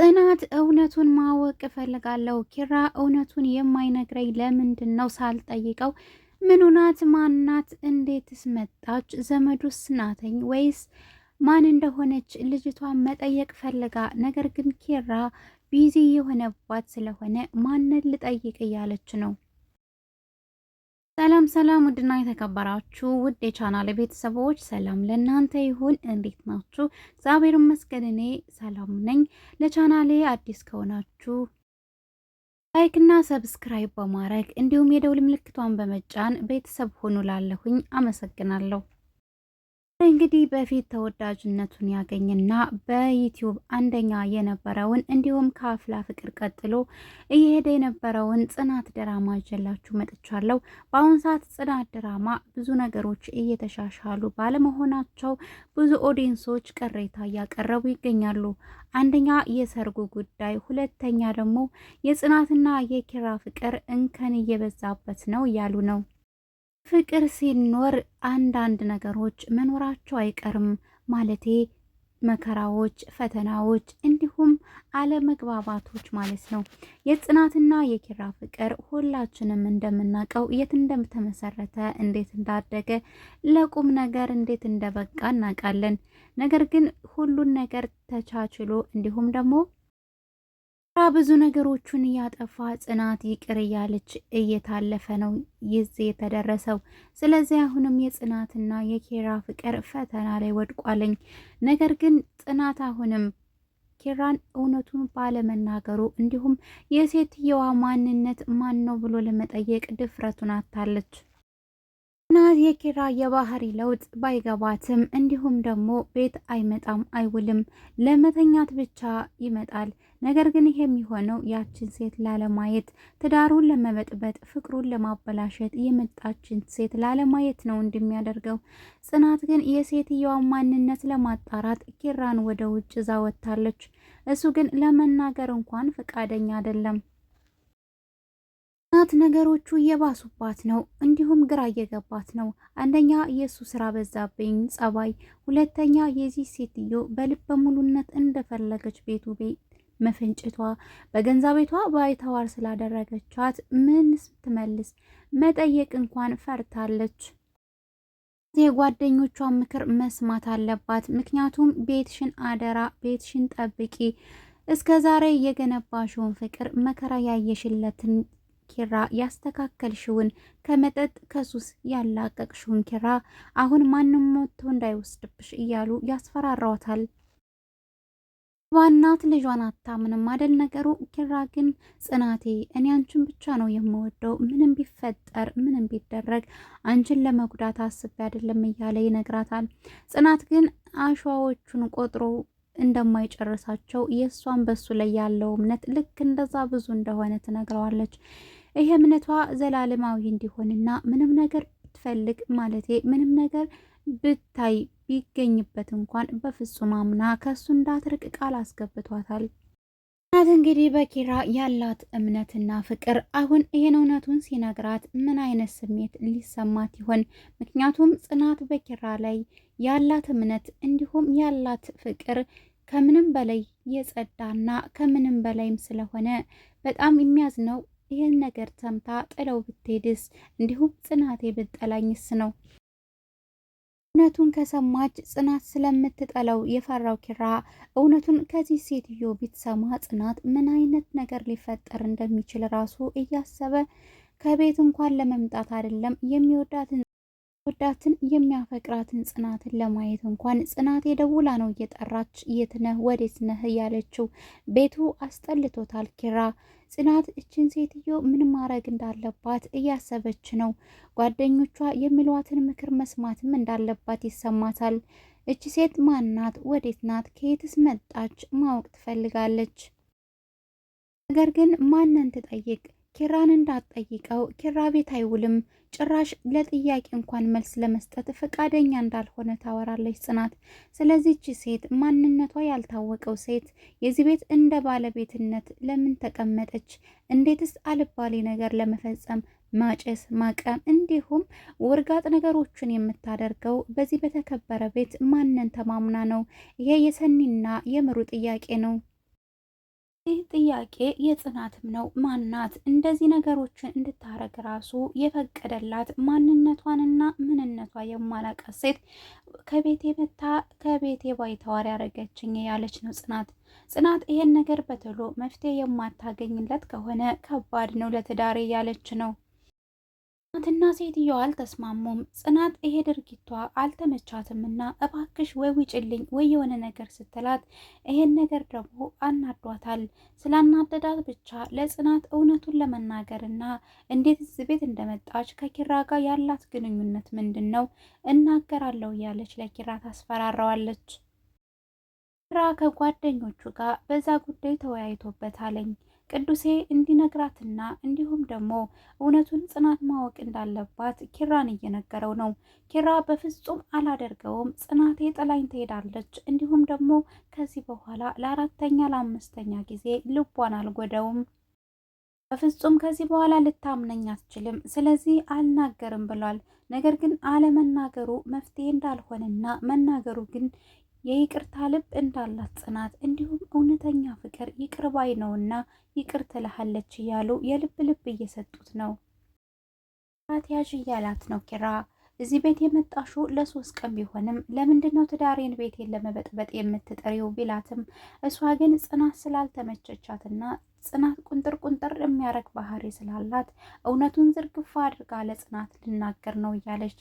ጽናት እውነቱን ማወቅ እፈልጋለሁ። ኪራ እውነቱን የማይነግረኝ ለምንድን ነው ሳልጠይቀው? ምኑናት? ማናት? እንዴትስ መጣች? ዘመዱስ ናተኝ ወይስ ማን እንደሆነች ልጅቷን መጠየቅ ፈልጋ፣ ነገር ግን ኪራ ቢዚ የሆነባት ስለሆነ ማንን ልጠይቅ እያለች ነው ሰላም ሰላም፣ ውድና የተከበራችሁ ውድ የቻናል ቤተሰቦች ሰላም ለእናንተ ይሁን። እንዴት ናችሁ? እግዚአብሔር ይመስገን እኔ ሰላም ነኝ። ለቻናሌ አዲስ ከሆናችሁ ላይክ እና ሰብስክራይብ በማድረግ እንዲሁም የደውል ምልክቷን በመጫን ቤተሰብ ሆኑ ላለሁኝ አመሰግናለሁ። እንግዲህ በፊት ተወዳጅነቱን ያገኝና በዩቲዩብ አንደኛ የነበረውን እንዲሁም ከአፍላ ፍቅር ቀጥሎ እየሄደ የነበረውን ጽናት ድራማ ይዤላችሁ መጥቻለሁ። በአሁኑ ሰዓት ጽናት ድራማ ብዙ ነገሮች እየተሻሻሉ ባለመሆናቸው ብዙ ኦዲየንሶች ቅሬታ እያቀረቡ ይገኛሉ። አንደኛ የሰርጉ ጉዳይ፣ ሁለተኛ ደግሞ የጽናትና የኪራ ፍቅር እንከን እየበዛበት ነው እያሉ ነው። ፍቅር ሲኖር አንዳንድ ነገሮች መኖራቸው አይቀርም። ማለቴ መከራዎች፣ ፈተናዎች እንዲሁም አለመግባባቶች ማለት ነው። የጽናትና የኪራ ፍቅር ሁላችንም እንደምናውቀው የት እንደተመሰረተ እንዴት እንዳደገ ለቁም ነገር እንዴት እንደበቃ እናውቃለን። ነገር ግን ሁሉን ነገር ተቻችሎ እንዲሁም ደግሞ ብዙ ነገሮቹን እያጠፋ ጽናት ይቅር እያለች እየታለፈ ነው ይዜ የተደረሰው። ስለዚህ አሁንም የጽናትና የኪራ ፍቅር ፈተና ላይ ወድቋለኝ። ነገር ግን ጽናት አሁንም ኪራን እውነቱን ባለመናገሩ እንዲሁም የሴትየዋ ማንነት ማን ነው ብሎ ለመጠየቅ ድፍረቱን አታለች። እና የኪራ የባህሪ ለውጥ ባይገባትም እንዲሁም ደግሞ ቤት አይመጣም አይውልም፣ ለመተኛት ብቻ ይመጣል። ነገር ግን ይሄ የሚሆነው ያችን ሴት ላለማየት፣ ትዳሩን ለመበጥበጥ፣ ፍቅሩን ለማበላሸት የመጣችን ሴት ላለማየት ነው እንደሚያደርገው። ጽናት ግን የሴትየዋን ማንነት ለማጣራት ኪራን ወደ ውጭ ዛወታለች። እሱ ግን ለመናገር እንኳን ፈቃደኛ አይደለም። እናት ነገሮቹ እየባሱባት ነው። እንዲሁም ግራ እየገባት ነው። አንደኛ የእሱ ስራ በዛብኝ ጸባይ፣ ሁለተኛ የዚህ ሴትዮ በልበ ሙሉነት እንደፈለገች ቤቱ ቤት መፈንጭቷ፣ በገንዛ ቤቷ ባይተዋር ስላደረገቻት ምን ስትመልስ መጠየቅ እንኳን ፈርታለች። የጓደኞቿ ምክር መስማት አለባት። ምክንያቱም ቤትሽን አደራ፣ ቤትሽን ጠብቂ እስከ ዛሬ የገነባሽውን ፍቅር መከራ ያየሽለትን ኪራ ያስተካከልሽውን ከመጠጥ ከሱስ ያላቀቅሽውን ኪራ አሁን ማንም ሞቶ እንዳይወስድብሽ እያሉ ያስፈራራዋታል። ዋናት ልጇን አታምንም አይደል ነገሩ። ኪራ ግን ጽናቴ፣ እኔ አንቺን ብቻ ነው የምወደው፣ ምንም ቢፈጠር ምንም ቢደረግ አንቺን ለመጉዳት አስቤ አይደለም እያለ ይነግራታል። ጽናት ግን አሸዋዎቹን ቆጥሮ እንደማይጨርሳቸው የእሷን በሱ ላይ ያለው እምነት ልክ እንደዛ ብዙ እንደሆነ ትነግረዋለች። ይህ እምነቷ ዘላለማዊ እንዲሆንና ምንም ነገር ብትፈልግ ማለቴ ምንም ነገር ብታይ ቢገኝበት እንኳን በፍጹም አምና ከእሱ እንዳትርቅ ቃል አስገብቷታል። እናት እንግዲህ በኪራ ያላት እምነትና ፍቅር አሁን ይህን እውነቱን ሲነግራት ምን አይነት ስሜት ሊሰማት ይሆን? ምክንያቱም ጽናት በኪራ ላይ ያላት እምነት እንዲሁም ያላት ፍቅር ከምንም በላይ የጸዳና ከምንም በላይም ስለሆነ በጣም የሚያዝነው ይህን ነገር ሰምታ ጥለው ብትሄድስ፣ እንዲሁም ጽናቴ ብጠላኝስ ነው። እውነቱን ከሰማች ጽናት ስለምትጠላው የፈራው ኪራ እውነቱን ከዚህ ሴትዮ ቢትሰማ ጽናት ምን አይነት ነገር ሊፈጠር እንደሚችል ራሱ እያሰበ ከቤት እንኳን ለመምጣት አይደለም የሚወዳትን ወዳትን የሚያፈቅራትን ጽናትን ለማየት እንኳን ጽናት የደውላ ነው እየጠራች የት ነህ ወዴት ነህ እያለችው። ቤቱ አስጠልቶታል ኪራ ጽናት እችን ሴትዮ ምን ማድረግ እንዳለባት እያሰበች ነው። ጓደኞቿ የሚሏትን ምክር መስማትም እንዳለባት ይሰማታል። እች ሴት ማናት? ወዴት ናት? ከየትስ መጣች? ማወቅ ትፈልጋለች። ነገር ግን ማንን ትጠይቅ? ኪራን እንዳትጠይቀው ኪራ ቤት አይውልም፣ ጭራሽ ለጥያቄ እንኳን መልስ ለመስጠት ፈቃደኛ እንዳልሆነ ታወራለች ጽናት። ስለዚህች ሴት ማንነቷ ያልታወቀው ሴት የዚህ ቤት እንደ ባለቤትነት ለምን ተቀመጠች? እንዴትስ አልባሌ ነገር ለመፈጸም ማጨስ ማቀም እንዲሁም ውርጋጥ ነገሮችን የምታደርገው በዚህ በተከበረ ቤት ማንን ተማምና ነው? ይሄ የሰኒና የምሩ ጥያቄ ነው። ይህ ጥያቄ የጽናትም ነው። ማናት እንደዚህ ነገሮችን እንድታረግ ራሱ የፈቀደላት? ማንነቷንና ምንነቷ የማላቀ ሴት ከቤቴ መታ ከቤቴ ባይተዋር ያደረገችኝ ያለች ነው ጽናት። ጽናት ይሄን ነገር በቶሎ መፍትሄ የማታገኝለት ከሆነ ከባድ ነው ለትዳሬ ያለች ነው። ጽናትና ሴትየዋ አልተስማሙም። ጽናት ይሄ ድርጊቷ አልተመቻትምና እባክሽ ወይ ውጭልኝ ወይ የሆነ ነገር ስትላት ይሄን ነገር ደግሞ አናዷታል። ስላናደዳት ብቻ ለጽናት እውነቱን ለመናገርና እንዴት እዚህ ቤት እንደመጣች ከኪራ ጋር ያላት ግንኙነት ምንድን ነው እናገራለሁ እያለች ለኪራ ታስፈራረዋለች። ኪራ ከጓደኞቹ ጋር በዛ ጉዳይ ተወያይቶበታለኝ ቅዱሴ እንዲነግራትና እንዲሁም ደግሞ እውነቱን ጽናት ማወቅ እንዳለባት ኪራን እየነገረው ነው። ኪራ በፍጹም አላደርገውም፣ ጽናቴ ጥላኝ ትሄዳለች፣ እንዲሁም ደግሞ ከዚህ በኋላ ለአራተኛ ለአምስተኛ ጊዜ ልቧን አልጎደውም በፍጹም ከዚህ በኋላ ልታምነኝ አትችልም፣ ስለዚህ አልናገርም ብሏል። ነገር ግን አለመናገሩ መፍትሄ እንዳልሆነና መናገሩ ግን የይቅርታ ልብ እንዳላት ጽናት እንዲሁም እውነተኛ ፍቅር ይቅር ባይ ነውና ይቅር ትልሃለች እያሉ የልብ ልብ እየሰጡት ነው። ያዥ እያላት ነው ኪራ እዚህ ቤት የመጣሹ ለሶስት ቀን ቢሆንም ለምንድን ነው ትዳሬን ቤቴን ለመበጥበጥ የምትጠሪው ቢላትም እሷ ግን ጽናት ስላልተመቸቻትና ጽናት ቁንጥር ቁንጥር የሚያረግ ባህሪ ስላላት እውነቱን ዝርግፋ አድርጋ ለጽናት ልናገር ነው እያለች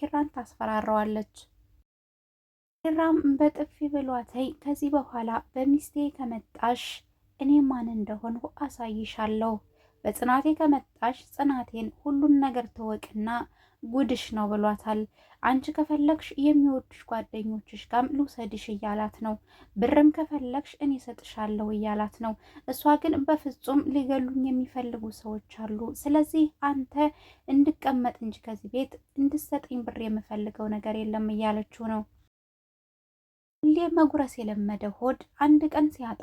ኪራን ታስፈራረዋለች። ኪራም በጥፊ ብሏተይ ከዚህ በኋላ በሚስቴ ከመጣሽ እኔ ማን እንደሆንሁ አሳይሻለሁ፣ በጽናቴ ከመጣሽ ጽናቴን ሁሉን ነገር ተወቅና ጉድሽ ነው ብሏታል። አንቺ ከፈለግሽ የሚወድሽ ጓደኞችሽ ጋም ልውሰድሽ እያላት ነው። ብርም ከፈለግሽ እኔ ሰጥሻለሁ እያላት ነው። እሷ ግን በፍጹም ሊገሉኝ የሚፈልጉ ሰዎች አሉ፣ ስለዚህ አንተ እንድቀመጥ እንጂ ከዚህ ቤት እንድሰጠኝ ብር የምፈልገው ነገር የለም እያለችው ነው። ሁሌ መጉረስ የለመደ ሆድ አንድ ቀን ሲያጣ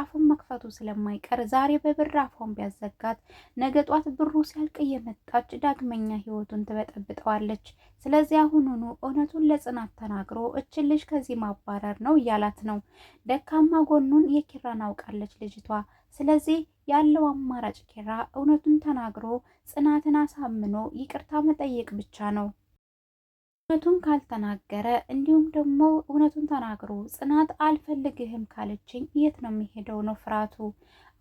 አፉን መክፈቱ ስለማይቀር ዛሬ በብር አፏን ቢያዘጋት ነገ ጧት ብሩ ሲያልቅ እየመጣች ዳግመኛ ህይወቱን ትበጠብጠዋለች። ስለዚህ አሁኑኑ እውነቱን ለጽናት ተናግሮ እችን ልጅ ከዚህ ማባረር ነው እያላት ነው። ደካማ ጎኑን የኪራን አውቃለች ልጅቷ። ስለዚህ ያለው አማራጭ ኪራ እውነቱን ተናግሮ ጽናትን አሳምኖ ይቅርታ መጠየቅ ብቻ ነው። እውነቱን ካልተናገረ እንዲሁም ደግሞ እውነቱን ተናግሮ ጽናት አልፈልግህም ካለችኝ የት ነው የሚሄደው ነው ፍርሃቱ።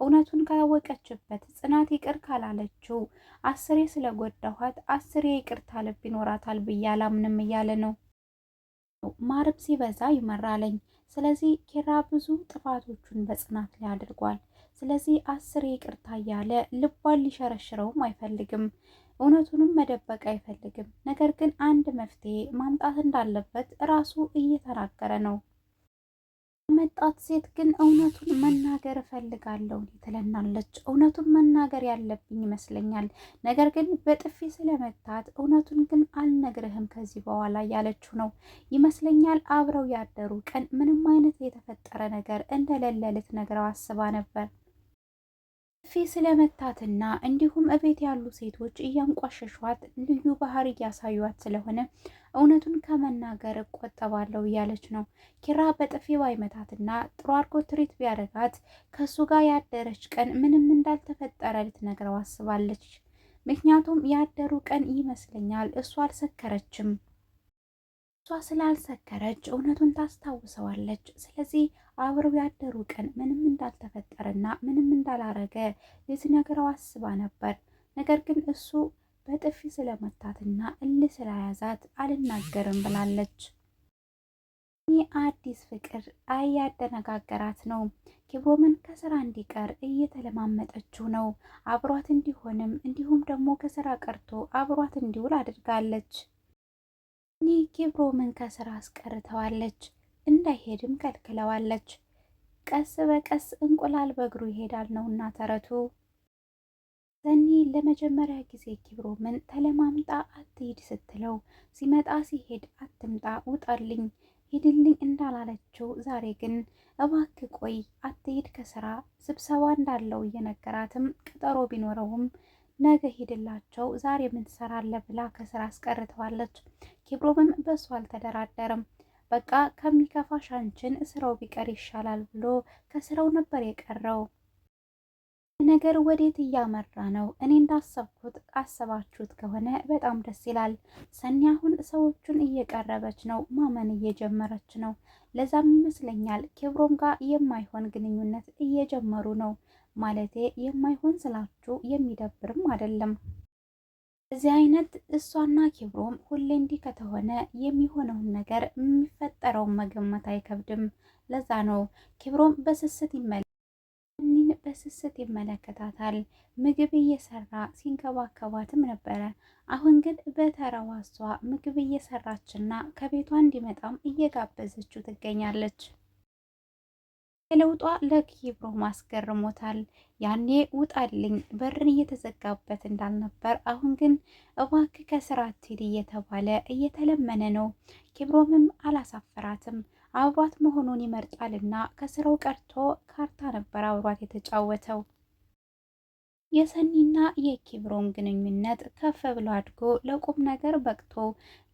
እውነቱን ካወቀችበት ጽናት ይቅር ካላለችው አስሬ ስለጎዳኋት አስሬ ይቅርታ ልብ ይኖራታል ብዬ አላምንም እያለ ነው። ማረብ ሲበዛ ይመራለኝ። ስለዚህ ኪራ ብዙ ጥፋቶቹን በጽናት ላይ አድርጓል። ስለዚህ አስሬ ይቅርታ እያለ ልቧን ሊሸረሽረውም አይፈልግም። እውነቱንም መደበቅ አይፈልግም። ነገር ግን አንድ መፍትሄ ማምጣት እንዳለበት ራሱ እየተናገረ ነው። መጣት ሴት ግን እውነቱን መናገር እፈልጋለሁ ትለናለች። እውነቱን መናገር ያለብኝ ይመስለኛል፣ ነገር ግን በጥፊ ስለመታት እውነቱን ግን አልነግርህም ከዚህ በኋላ ያለችው ነው ይመስለኛል። አብረው ያደሩ ቀን ምንም አይነት የተፈጠረ ነገር እንደሌለ ልትነግረው አስባ ነበር። ስለመታትና እንዲሁም እቤት ያሉ ሴቶች እያንቋሸሿት ልዩ ባህሪ እያሳዩት ስለሆነ እውነቱን ከመናገር እቆጠባለሁ እያለች ነው። ኪራ በጥፊ ባይመታትና ጥሩ አድርጎ ትሪት ቢያደርጋት ከእሱ ጋር ያደረች ቀን ምንም እንዳልተፈጠረ ልትነግረው አስባለች። ምክንያቱም ያደሩ ቀን ይመስለኛል እሱ አልሰከረችም። እሷ ስላልሰከረች እውነቱን ታስታውሰዋለች። ስለዚህ አብረው ያደሩ ቀን ምንም እንዳልተፈጠረና ምንም እንዳላረገ ልትነግረው አስባ ነበር። ነገር ግን እሱ በጥፊ ስለመታትና እልህ ስለያዛት አልናገርም ብላለች። ይህ አዲስ ፍቅር እያደነጋገራት ነው። ኪብሮምን ከስራ እንዲቀር እየተለማመጠችው ነው። አብሯት እንዲሆንም እንዲሁም ደግሞ ከስራ ቀርቶ አብሯት እንዲውል አድርጋለች። ኒ ኪብሮምን ከስራ አስቀርተዋለች፣ እንዳይሄድም ከልክለዋለች። ቀስ በቀስ እንቁላል በእግሩ ይሄዳል ነውና ተረቱ። ሰኒ ለመጀመሪያ ጊዜ ኪብሮምን ተለማምጣ አትሂድ ስትለው ሲመጣ ሲሄድ አትምጣ ውጣልኝ ሂድልኝ እንዳላለችው ዛሬ ግን እባክ ቆይ አትሄድ ከስራ ስብሰባ እንዳለው እየነገራትም ቀጠሮ ቢኖረውም ነገ ሂድላቸው ዛሬ ምን ትሰራለህ ብላ ከስራ አስቀርተዋለች። ኪብሮምም በሱ አልተደራደርም። በቃ ከሚከፋሽ አንቺን ስራው ቢቀር ይሻላል ብሎ ከስራው ነበር የቀረው። ነገር ወዴት እያመራ ነው? እኔ እንዳሰብኩት አሰባችሁት ከሆነ በጣም ደስ ይላል። ሰኒ አሁን ሰዎቹን እየቀረበች ነው፣ ማመን እየጀመረች ነው። ለዛም ይመስለኛል ኬብሮም ጋር የማይሆን ግንኙነት እየጀመሩ ነው። ማለቴ የማይሆን ስላችሁ የሚደብርም አይደለም። እዚህ አይነት እሷና ኪብሮም ሁሌ እንዲህ ከተሆነ የሚሆነውን ነገር የሚፈጠረውን መገመት አይከብድም። ለዛ ነው ኪብሮም በስስት ይመለ እኒን በስስት ይመለከታታል። ምግብ እየሰራ ሲንከባከባትም ነበረ። አሁን ግን በተረዋ እሷ ምግብ እየሰራችና ከቤቷ እንዲመጣም እየጋበዘችው ትገኛለች። ለውጧ ለኪብሮም አስገርሞታል። ያኔ ውጣልኝ በርን እየተዘጋበት እንዳልነበር አሁን ግን እባክ ከስራ አትሂድ እየተባለ እየተለመነ ነው። ኪብሮምም አላሳፈራትም። አብሯት መሆኑን ይመርጣልና ከስራው ቀርቶ ካርታ ነበር አብሯት የተጫወተው። የሰኒና የኪብሮም ግንኙነት ከፍ ብሎ አድጎ ለቁም ነገር በቅቶ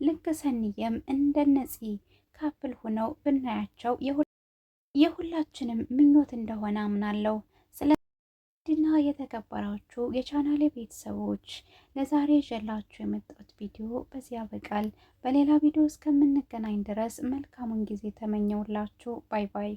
ልክ ሰኒየም እንደነጺ ካፕል ሆነው ብናያቸው የሁላችንም ምኞት እንደሆነ አምናለሁ። ስለድና የተከበራችሁ የቻናሌ ቤተሰቦች ለዛሬ ይዤላችሁ የመጣሁት ቪዲዮ በዚህ ያበቃል። በሌላ ቪዲዮ እስከምንገናኝ ድረስ መልካሙን ጊዜ ተመኘውላችሁ። ባይ ባይ።